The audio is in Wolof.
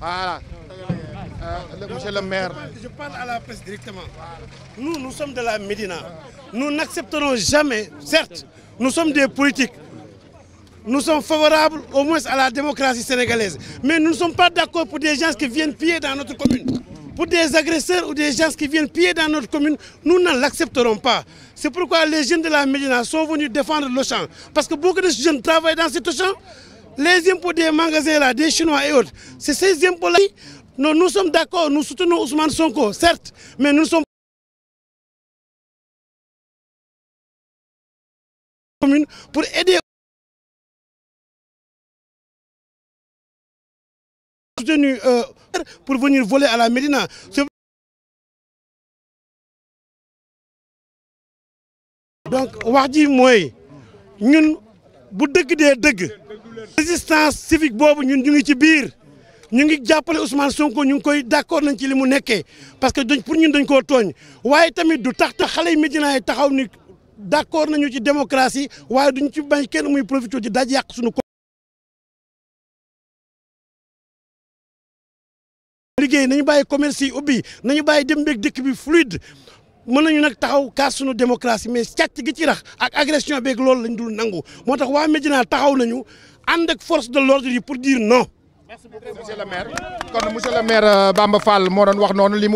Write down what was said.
Voilà. Euh, monsieur le maire. à la presse directement. Nous, nous sommes de la Médina. Nous n'accepterons jamais, certes, nous sommes des politiques. Nous sommes favorables au moins à la démocratie sénégalaise. Mais nous ne sommes pas d'accord pour des gens qui viennent piller dans notre commune. Pour des agresseurs ou des gens qui viennent piller dans notre commune, nous ne l'accepterons pas. C'est pourquoi les jeunes de la Médina sont venus défendre le champ. Parce que beaucoup de jeunes travaillent dans ce les impôts des magasins là, des Chinois et autres, c'est ces impôts-là. Nous, sommes d'accord, nous soutenons Ousmane Sonko, certes, mais nous sommes pour aider euh, pour venir voler à la Médina. Donc, wax ji mooy ñun bu dëgg résistance civique boobu ñun ñu ngi ci biir ñu ngi jàppale Ousmane Sonko ñu ngi koy d'accord nañ ci li mu nekkee parce que dañ pour ñun dañ koo tooñ waaye tamit du tax tax xale yi Médina yi taxaw ni d'accord nañu ci démocratie waaye duñ ci bañ kenn muy profité di daj yàq suñu liggéey nañu bàyyi commerce yi ubbi nañu bàyyi dem beeg dëkk bi fluide mën nañu nag taxaw kaas suñu démocratie mais càcc gi ci rax ak agression beeg loolu lañ dul nangu moo tax waa Médina taxaw nañu ànd ak force de l'ordre yi pour dire non. merci beaucoup monsieur le maire kon monsieur le euh, moo doon wax noonu li mu.